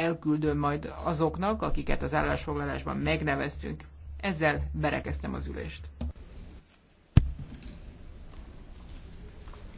elküldöm majd azoknak, akiket az állásfoglalásban megneveztünk. Ezzel berekeztem az ülést.